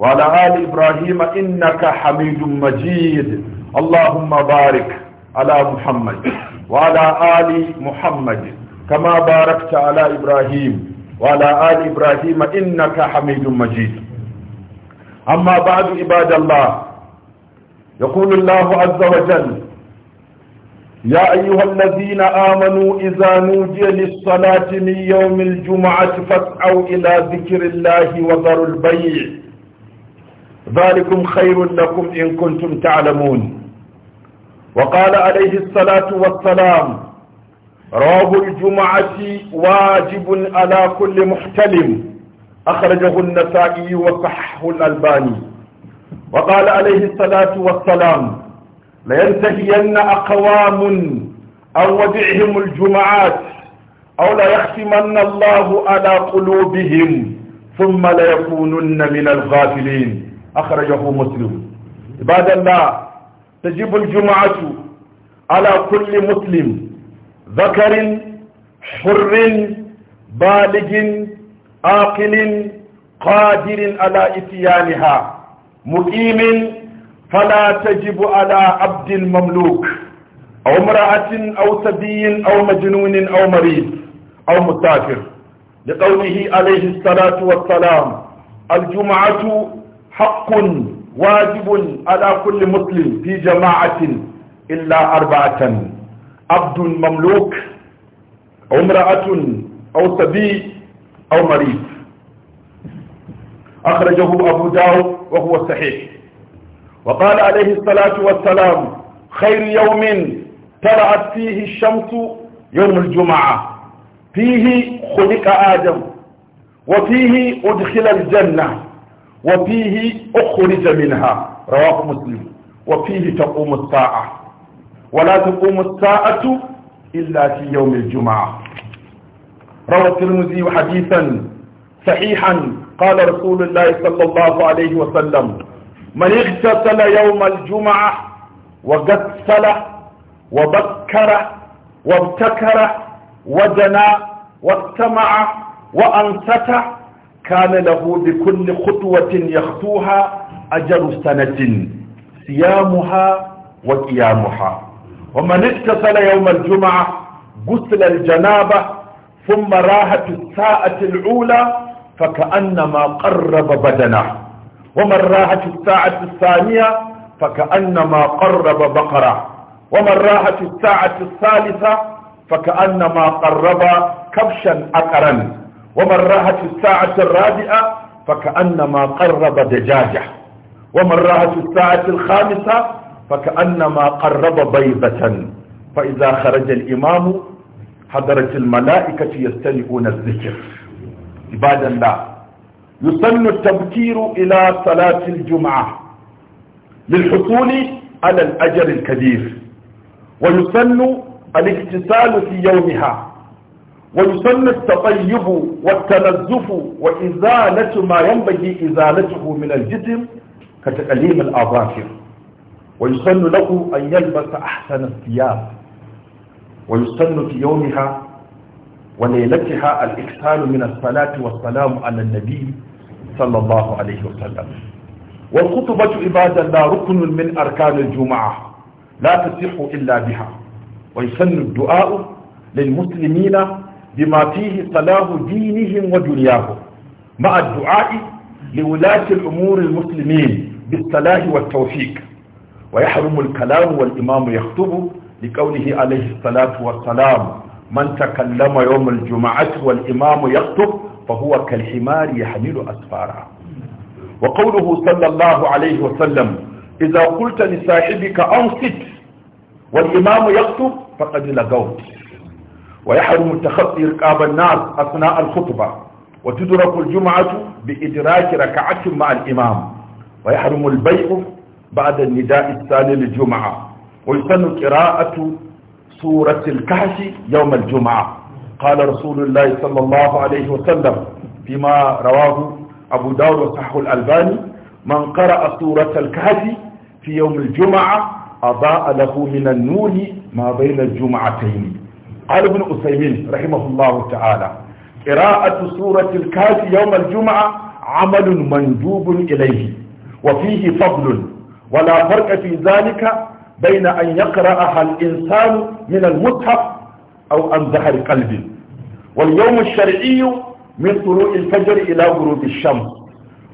وعلى آل إبراهيم إنك حميد مجيد اللهم بارك على محمد وعلى آل محمد كما باركت على إبراهيم وعلى آل إبراهيم إنك حميد مجيد أما بعد عباد الله يقول الله عز وجل يا أيها الذين آمنوا إذا نودي للصلاة من يوم الجمعة فاسعوا إلى ذكر الله وذروا البيع ذلكم خير لكم إن كنتم تعلمون وقال عليه الصلاة والسلام راب الجمعة واجب على كل محتلم أخرجه النسائي وصححه الألباني وقال عليه الصلاة والسلام لينتهين أقوام أو وضعهم الجمعات أو ليختمن الله على قلوبهم ثم ليكونن من الغافلين أخرجه مسلم عباد الله تجب الجمعة على كل مسلم ذكر حر بالغ عاقل قادر على إتيانها مقيم فلا تجب على عبد مملوك أو امرأة أو سبي أو مجنون أو مريض أو مسافر لقوله عليه الصلاة والسلام الجمعة حق واجب على كل مسلم في جماعة إلا أربعة عبد مملوك أو امرأة أو صبي أو مريض أخرجه أبو داود وهو صحيح وقال عليه الصلاة والسلام خير يوم طلعت فيه الشمس يوم الجمعة فيه خلق آدم وفيه أدخل الجنة وفيه أخرج منها رواه مسلم وفيه تقوم الساعة ولا تقوم الساعة إلا في يوم الجمعة روى الترمذي حديثا صحيحا قال رسول الله صلى الله عليه وسلم من اغتسل يوم الجمعة وغسل وبكر وابتكر ودنا واستمع وأنصت كان له بكل خطوة يخطوها أجل سنة صيامها وقيامها ومن اغتسل يوم الجمعة غسل الجنابة ثم راهت الساعة الأولى فكأنما قرب بدنه ومن راهت الساعة الثانية فكأنما قرب بقرة ومن راهت الساعة الثالثة فكأنما قرب كبشا أكرا ومن راح في الساعة الرابعة فكأنما قرب دجاجة ومن راح في الساعة الخامسة فكأنما قرب بيضة فإذا خرج الإمام حضرت الملائكة يستمعون الذكر عباد الله يسن التبكير إلى صلاة الجمعة للحصول على الأجر الكبير ويسن الاغتسال في يومها ويسمى التطيب والتنزف وإزالة ما ينبغي إزالته من الجسم كتأليم الأظافر ويسن له أن يلبس أحسن الثياب ويسن في يومها وليلتها الإكثار من الصلاة والسلام على النبي صلى الله عليه وسلم والخطبة عباد الله ركن من أركان الجمعة لا تصح إلا بها ويسن الدعاء للمسلمين بما فيه صلاح دينهم ودنياهم مع الدعاء لولاة الأمور المسلمين بالصلاح والتوفيق ويحرم الكلام والإمام يخطب لقوله عليه الصلاة والسلام من تكلم يوم الجمعة والإمام يخطب فهو كالحمار يحمل أسفارا وقوله صلى الله عليه وسلم إذا قلت لصاحبك أنصت والإمام يخطب فقد لقوت ويحرم تخطي رقاب الناس أثناء الخطبة وتدرك الجمعة بإدراك ركعة مع الإمام ويحرم البيع بعد النداء الثاني للجمعة ويسن قراءة سورة الكهف يوم الجمعة قال رسول الله صلى الله عليه وسلم فيما رواه أبو داود وصححه الألباني من قرأ سورة الكهف في يوم الجمعة أضاء له من النور ما بين الجمعتين قال ابن أسيمين رحمه الله تعالى قراءة سورة الكاف يوم الجمعة عمل مندوب إليه وفيه فضل ولا فرق في ذلك بين أن يقرأها الإنسان من المصحف أو عن ظهر قلب واليوم الشرعي من طلوع الفجر إلى غروب الشمس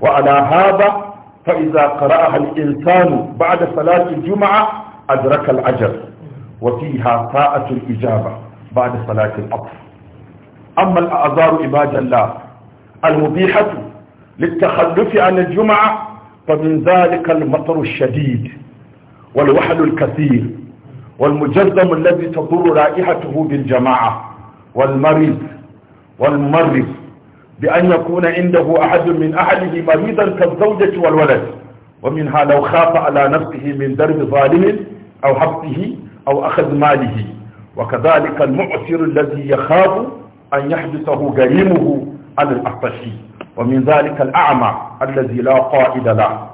وعلى هذا فإذا قرأها الإنسان بعد صلاة الجمعة أدرك الأجر وفيها طاعة الإجابة بعد صلاة العصر أما الأعذار عباد الله المبيحة للتخلف عن الجمعة فمن ذلك المطر الشديد والوحل الكثير والمجزم الذي تضر رائحته بالجماعة والمريض والممرض بأن يكون عنده أحد من أهله مريضا كالزوجة والولد ومنها لو خاف على نفسه من درب ظالم أو حبسه أو أخذ ماله وكذلك المعسر الذي يخاف أن يحدثه جريمه على الأطشي ومن ذلك الأعمى الذي لا قائد له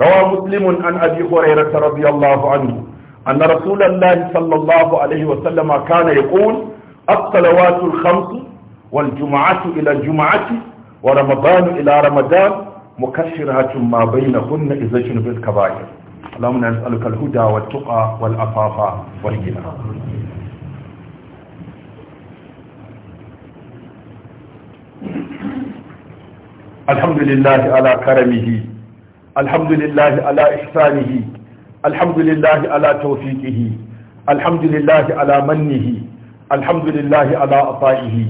روى مسلم عن أبي هريرة رضي الله عنه أن رسول الله صلى الله عليه وسلم كان يقول الصلوات الخمس والجمعة إلى الجمعة ورمضان إلى رمضان مكشرات ما بينهن إذا جنب الكبائر اللهم نسألك الهدى والتقى والأفافة والجنة alhamdulillah ala karamihi alhamdulillah ala ihsanihi alhamdulillah ala tawfiqihi alhamdulillah ala mannihi alhamdulillah ala ata'ihi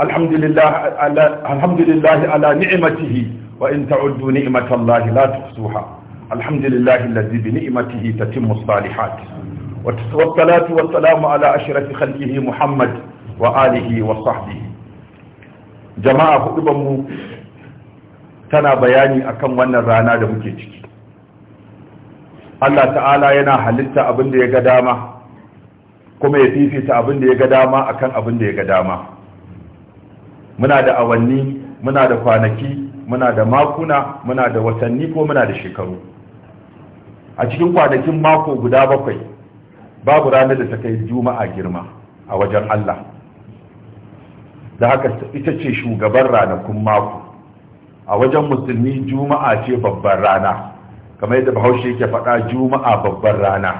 alhamdulillah ala alhamdulillah ala ni'matihi wa in ta'uddu ni'matallahi la tuhsuha الحمد لله الذي بنعمته تتم الصالحات والصلاة والسلام على أشرف خلقه محمد وآله وصحبه جماعة خطبه tana bayani akan wannan rana da muke ciki Allah ta'ala yana halitta abin da ya ga dama kuma ya fifita abin da ya ga dama akan abin da ya ga dama muna da awanni muna da kwanaki muna da makuna muna da watanni ko muna da shekaru a cikin kwanakin mako guda bakwai babu ranar da ta kai juma'a girma a wajen Allah da haka ita ce shugaban ranakun mako a wajen musulmi juma'a ce babbar rana kamar yadda bahaushe yake faɗa juma'a babbar rana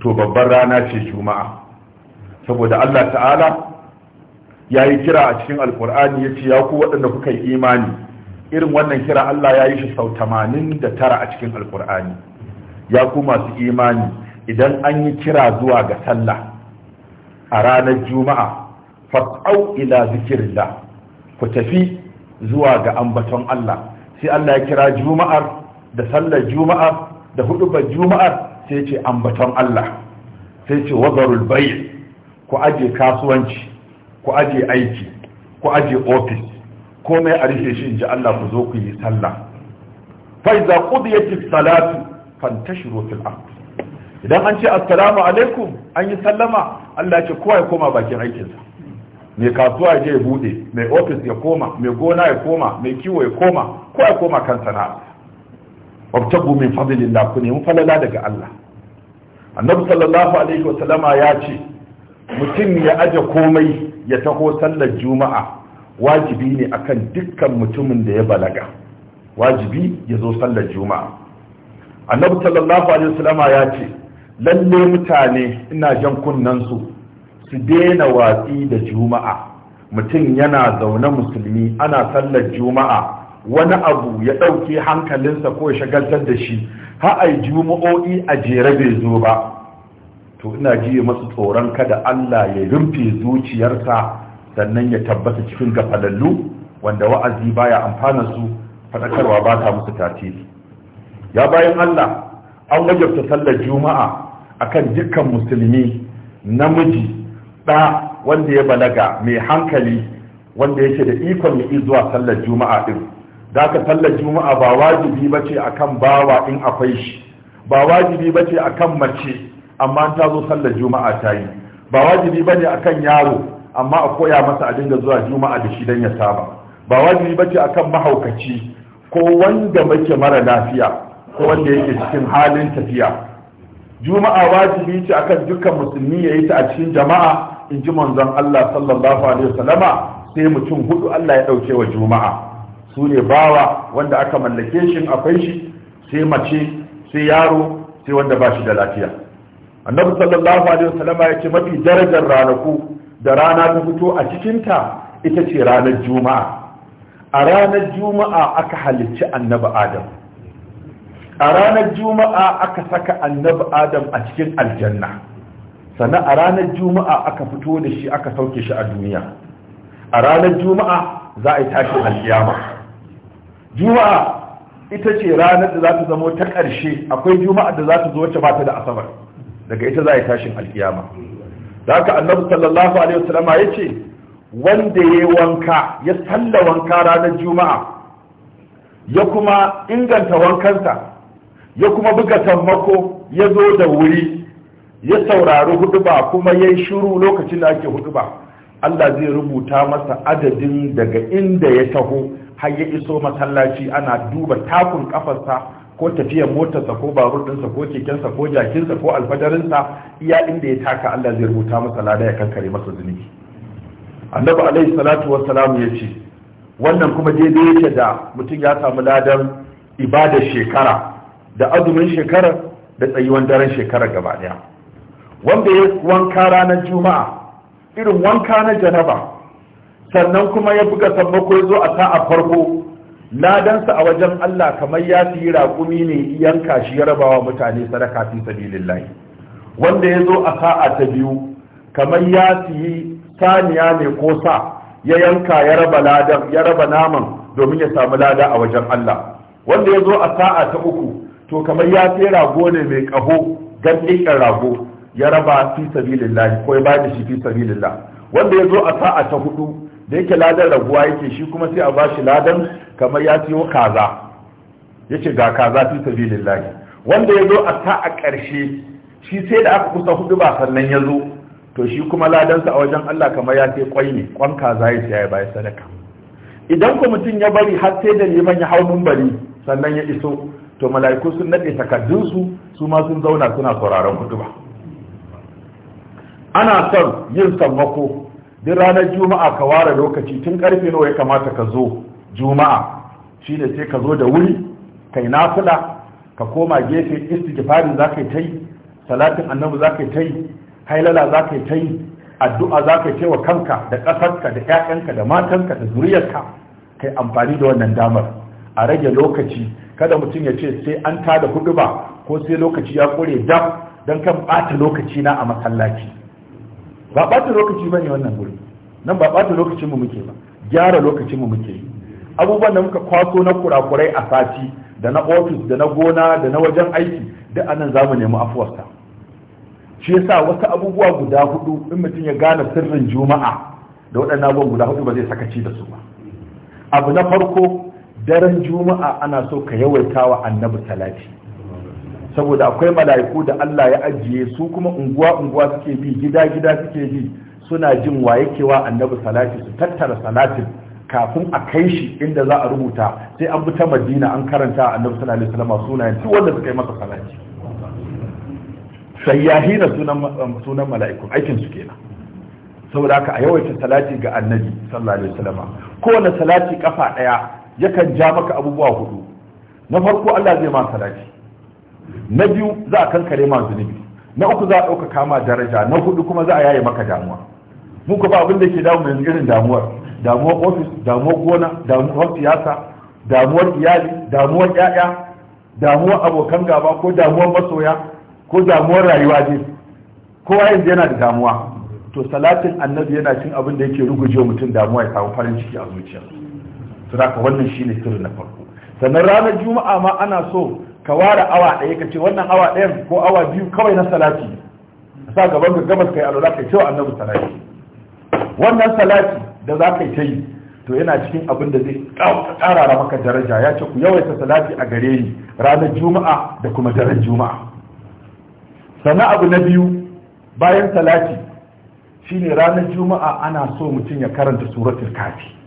to babbar rana ce juma'a saboda Allah ta'ala ya yi kira a cikin alkur'ani ya ce ya ku waɗanda kuka yi imani irin wannan kira Allah ya yi shi sau tara a cikin alkur'ani ya ku masu imani idan an yi kira zuwa ga sallah a ranar juma'a fa'au ila zikirillah ku tafi zuwa ga ambaton Allah sai Allah ya kira juma'ar da sallar juma'ar da hudubar juma'ar sai ce ambaton Allah sai ce wazarul bai ku aje kasuwanci ku aje aiki ku aje ofis komai a rufe shi inji Allah ku zo ku yi sallah fa idza qudiyat salatu fantashiru fil ard idan an ce assalamu alaikum an yi sallama Allah ya ce kowa ya koma bakin aikinsa mai kasuwa ya je ya bude mai ofis ya koma mai gona ya koma mai kiwo ya koma ko ya koma kan sana'a wabtagu min fadlillah ku nemi falala daga Allah annabi sallallahu alaihi wa sallama ya ce mutum ya aje komai ya taho sallar juma'a wajibi ne akan dukkan mutumin da ya balaga wajibi ya zo sallar juma'a annabi sallallahu alaihi wa sallama ya ce lalle mutane ina jan kunnen su su daina watsi da juma'a mutum yana zaune musulmi ana sallar juma'a wani abu ya ɗauke hankalinsa ko ya shagaltar da shi har ai juma'o'i a jere bai zo ba to ina ji masu tsoron kada Allah ya rumfe zuciyarsa sannan ya tabbata cikin gafalallu wanda wa'azi baya amfana su faɗakarwa ba ta musu tasiri ya bayan Allah an wajabta sallar juma'a akan dukkan musulmi namiji ɗa wanda ya balaga mai hankali wanda yake da ikon ya zuwa sallar juma'a din da ka sallar juma'a ba wajibi ba ce akan bawa in akwai shi ba wajibi ba ce akan mace amma ta zo sallar juma'a ta yi ba wajibi ba akan yaro amma a koya masa a dinga zuwa juma'a da shi don ya saba ba wajibi ba ce akan mahaukaci ko wanda muke mara lafiya ko wanda yake cikin halin tafiya juma'a wajibi ce akan dukkan musulmi ya yi ta a cikin jama'a in ji manzon Allah sallallahu alaihi wasallama sai mutum hudu Allah ya dauke wa juma'a su ne bawa wanda aka mallake shi akwai shi sai mace sai yaro sai wanda ba shi da lafiya annabi sallallahu alaihi wasallama ya ce mafi darajar ranaku da rana ta fito a ta, ita ce ranar juma'a a ranar juma'a aka halicci annabi adam a ranar juma'a aka saka annabi adam a cikin aljanna sannan a ranar juma'a aka fito da shi aka sauke shi a duniya a ranar juma'a za a yi tashin alkiyama juma'a ita ce ranar da za ta zamo ta ƙarshe akwai juma'a da za ta zo wacce bata da asabar daga ita za a yi tashin alkiyama da haka annabi sallallahu alaihi wasallama ya ce wanda ya wanka ya salla wanka ranar juma'a ya kuma inganta wankansa ya kuma buga sammako ya zo da wuri ya saurari huduba kuma ya yi shiru lokacin da ake huduba Allah zai rubuta masa adadin daga inda ya taho har ya iso masallaci ana duba takun kafarsa ko tafiyar motarsa ko babur ɗinsa ko kekensa ko jakinsa ko alfajarinsa iya inda ya taka Allah zai rubuta masa lada ya kankare masa zunubi annabi alaihi salatu wassalam ya ce wannan kuma daidai yake da mutum ya samu ladan ibadar shekara da azumin shekarar da tsayuwan daren shekarar gaba ɗaya. wanda ya wanka ranar juma'a irin wanka na janaba sannan kuma ya buga sammako ya zo a sa'a farko ladansa a wajen Allah kamar ya fi raƙumi ne yanka shi ya rabawa mutane sadaka fi sabilillahi wanda ya zo a sa'a ta biyu kamar ya fi saniya ne ko sa ya yanka ya raba ladan ya raba naman domin ya samu lada a wajen Allah wanda ya zo a sa'a ta uku to kamar ya sai rago ne mai kaho gandikin rago ya raba fi sabilillah ko ya bada shi fi sabilillah wanda ya zo a sa'a ta hudu da yake ladan raguwa yake shi kuma sai a bashi ladan kamar ya siyo kaza yace ga kaza fi sabilillah wanda ya zo a sa'a ƙarshe, shi sai da aka kusa hudu ba sannan ya zo to shi kuma ladansa a wajen Allah kamar ya sai kwai ne kwan kaza ya siya ya bayi sadaka idan ko mutum ya bari har sai da liman ya hau mumbari sannan ya iso to mala'iku sun nade takaddunsu su ma sun zauna suna sauraron kutuba ana son yin sammako duk ranar juma'a ka ware lokaci tun karfe nawa ya kamata ka zo juma'a shi shine sai ka zo da wuri kai nafila ka koma gefe istighfarin za ka yi ta yi salatin annabi za ka yi ta yi hailala za ka yi ta yi addu'a za ka yi wa kanka da ƙasarka da 'ya'yanka da matanka da zuriyarka kai amfani da wannan damar a rage lokaci kada mutum ya ce sai an tada hudu ba ko sai lokaci ya kure dab don kan ɓata lokaci na a masallaci ba ɓata lokaci ba ne wannan guri nan ba ɓata lokacinmu muke ba gyara lokacinmu muke yi abubuwan da muka kwaso na kurakurai a sati da na ofis da na gona da na wajen aiki duk anan za mu nemi afuwarsa shi yasa wasu abubuwa guda hudu in mutum ya gane sirrin juma'a da waɗannan abubuwan guda hudu ba zai sakaci da su ba abu na farko daren juma'a ana so ka yawaita wa annabi talati saboda akwai mala'iku da Allah ya ajiye su kuma unguwa unguwa suke bi gida gida suke bi suna jin wa yake wa annabi salati su tattara salatin kafin a kai shi inda za a rubuta sai an bi madina an karanta a annabi sallallahu alaihi wasallam sunayen duk wanda suka yi masa salati sayyahi na sunan sunan mala'iku aikin su kenan saboda haka a yawaita salati ga annabi sallallahu alaihi wasallam kowane salati kafa daya yakan ja maka abubuwa hudu na farko Allah zai ma salati na biyu za a kankare ma zunubi na uku za a ɗaukaka ma daraja na hudu kuma za a yaye maka damuwa mu ko ba abin da ke damu yanzu irin damuwar damuwar ofis damuwar gona damuwar siyasa damuwar iyali damuwar 'ya'ya, damuwar abokan gaba ko damuwar masoya ko damuwar rayuwa ne kowa yanzu yana da damuwa to salatin annabi yana cin abin da yake ruguje mutum damuwa ya samu farin ciki a zuciya to haka wannan ne sirri na farko sannan ranar juma'a ma ana so ka ware awa ɗaya ka ce wannan awa ɗayan ko awa biyu kawai na salati sa gaban ka gabas kai yi kai cewa annabi salati wannan salati da za ka yi ta yi to yana cikin abin da zai karara maka daraja ya ce ku yawaita salati a gare ni ranar juma'a da kuma daren juma'a sannan abu na biyu bayan salati shine ranar juma'a ana so mutum ya karanta suratul kafi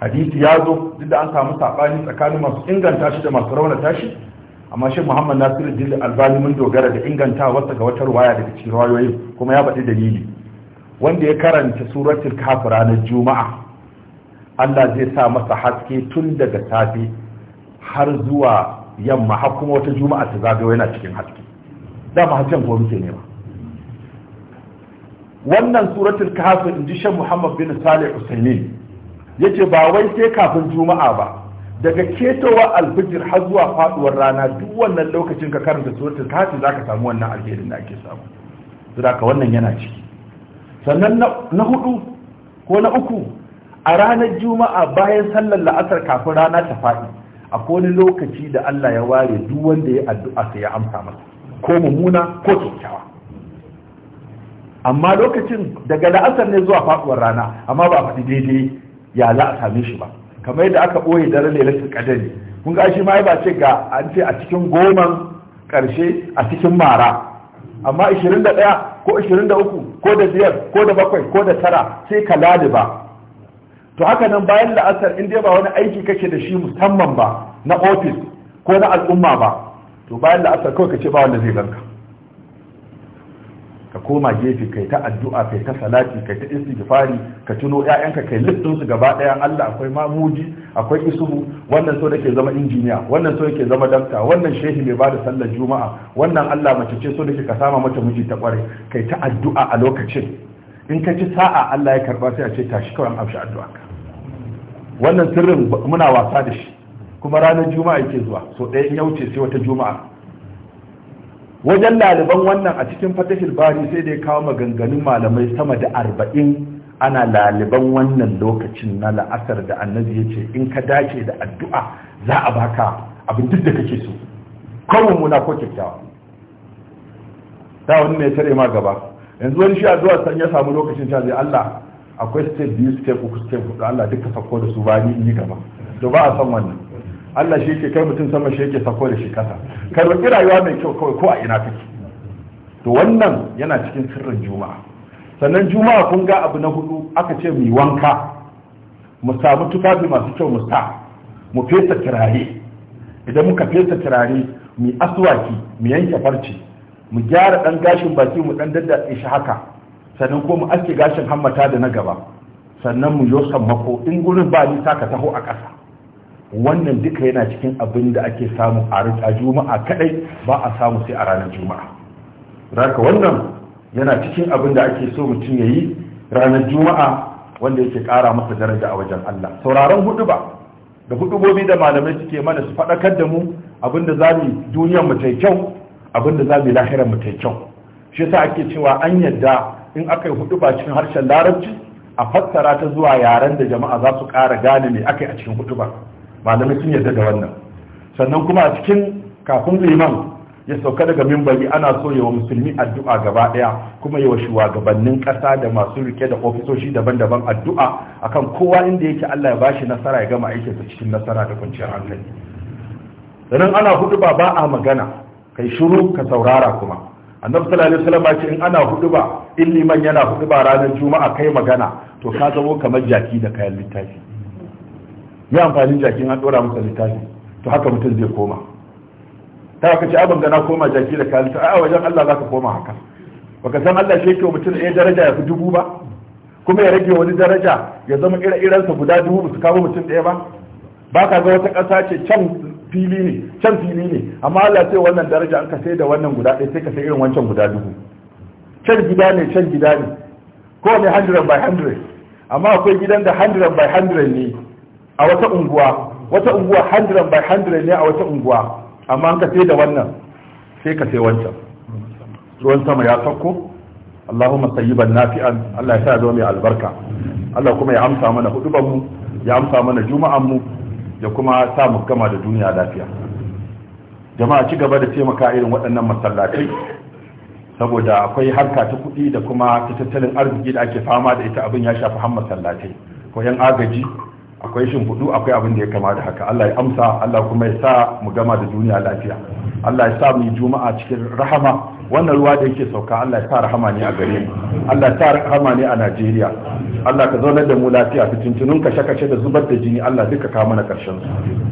hadisi ya zo duk da an samu saɓani tsakanin masu inganta shi da masu raunata tashi, amma shi muhammad nasiru jilli albani mun dogara da inganta wasu ga wata ruwaya daga cikin ruwayoyin kuma ya faɗi dalili wanda ya karanta suratul kaf ranar juma'a Allah zai sa masa haske tun daga safe har zuwa yamma har kuma wata juma'a ta zagayo yana cikin haske dama hajjan ko muke nema wannan suratul kaf in ji shan muhammad bin salih usaini yace ba wai sai kafin juma'a ba daga ketowa alfijir har zuwa faduwar rana duk wannan lokacin ka karanta suratul kafi ka samu wannan alherin da ake samu saboda wannan yana ciki sannan na hudu ko na uku a ranar juma'a bayan sallar la'asar kafin rana ta faɗi akwai wani lokaci da Allah ya ware duk wanda ya addu'a sai ya amsa masa ko mummuna ko kyakkyawa amma lokacin daga la'asar ne zuwa faduwar rana amma ba faɗi daidai ya za a same shi ba kamar yadda aka ɓoye daren lailatul qadari kun ga shi ma ba ce ga an ce a cikin goman karshe a cikin mara amma 21 ko 23 ko da biyar ko da bakwai ko da tara sai ka ba. to haka nan bayan la'asar in dai ba wani aiki kake da shi musamman ba na ofis ko na al'umma ba to bayan la'asar kawai ka ce ba wanda zai ganka ka koma gefe kai ta addu'a kai ta salati kai ta istighfari ka tuno ƴaƴanka kai littin su gaba ɗaya Allah akwai mamuji akwai isuhu wannan so dake zama injiniya wannan so yake zama dakta wannan shehi mai bada sallar juma'a wannan Allah mace ce so dake ka sama mata miji ta kware kai ta addu'a a lokacin in ka ci sa'a Allah ya karba sai a ce tashi kawai an amshi addu'a wannan sirrin muna wasa da shi kuma ranar juma'a yake zuwa so ɗaya in ya wuce sai wata juma'a wajen laliban wannan a cikin fatahil bari sai da ya kawo maganganun malamai sama da arba'in ana laliban wannan lokacin na la'asar da annabi ya ce in ka dace da addu'a za a baka abin duk da kake so kawai muna ko kyakkyawa ta wani ne tare ma gaba yanzu wani shi zuwa san ya samu lokacin ta zai Allah akwai step biyu step uku step hudu Allah duka sako da su bari in yi gaba to ba a san wannan Allah shi yake kai mutum sama shi yake sako da shi kasa ka roƙi rayuwa mai kyau kawai ko a ina take to wannan yana cikin sirrin juma'a sannan juma'a kun ga abu na hudu aka ce mu wanka mu samu tufafi masu kyau mu sa mu fesa turare idan muka fesa turare mu aswaki mu yanke farce mu gyara ɗan gashin baki mu dan daddatse shi haka sannan ko mu aske gashin hammata da na gaba sannan mu yo mako in gurin ba ni ka taho a ƙasa wannan duka yana cikin abin da ake samu a rika juma'a kadai ba a samu sai a ranar juma'a raka wannan yana cikin abin da ake so mutum ya yi ranar juma'a wanda yake kara masa daraja a wajen Allah sauraron hudu ba da gobi da malamai suke mana su faɗakar da mu abin da za mu duniyar mu ta kyau abin da za lahirar mu ta kyau shi yasa ake cewa an yadda in aka yi hudu ba cikin harshen larabci a fassara ta zuwa yaren da jama'a za su ƙara gane me aka yi a cikin hudu ba malamai sun yarda da wannan sannan kuma a cikin kafin liman ya sauka daga mimbari ana so yawa musulmi addu'a gaba daya kuma yawa shugabannin kasa da masu rike da ofisoshi daban-daban addu'a akan kowa inda yake Allah ya bashi nasara ya gama sa cikin nasara da kwanciyar hankali sannan ana huduba ba a magana kai shiru ka saurara kuma annabi sallallahu alaihi wasallam ce in ana huduba in liman yana huduba ranar juma'a kai magana to ka zamo kamar jaki da kayan littafi ya amfani jakin an dora masa littafi to haka mutum zai koma ta haka ce abin da na koma jaki da kayan a wajen Allah za ka koma haka baka san Allah shi yake mutum ɗaya daraja ya fi dubu ba kuma ya rage wani daraja ya zama ire-irensa guda dubu su kawo mutum ɗaya ba ba ka ga wata ƙasa ce can fili ne can fili ne amma Allah sai wannan daraja an ka sai da wannan guda ɗaya sai ka sai irin wancan guda dubu can gida ne can gida ne Ko ne 100 by 100 amma akwai gidan da 100 by 100 ne a wata unguwa wata unguwa hundred by hundred ne a wata unguwa amma an ka sai da wannan sai ka sai wancan ruwan sama ya sauko Allahumma sayyiban nafi'an Allah ya sa zo mai albarka Allah kuma ya amsa mana huduban mu ya amsa mana juma'an mu ya kuma sa mu gama da duniya lafiya jama'a ci gaba da taimaka irin waɗannan masallatai saboda akwai harka ta kuɗi da kuma ta tattalin arziki da ake fama da ita abin ya shafi har masallatai ko yan agaji akwai shimfiɗu akwai abin da ya kama da haka Allah ya amsa Allah kuma ya sa mu gama da duniya lafiya Allah ya sa mu yi juma'a cikin rahama wannan ruwa da yake sauka Allah ya sa rahama ne a gare mu Allah ya sa rahama ne a Najeriya Allah ka zaunar da mu lafiya fitintunun kashe-kashe da zubar da jini Allah duka ka mana karshen su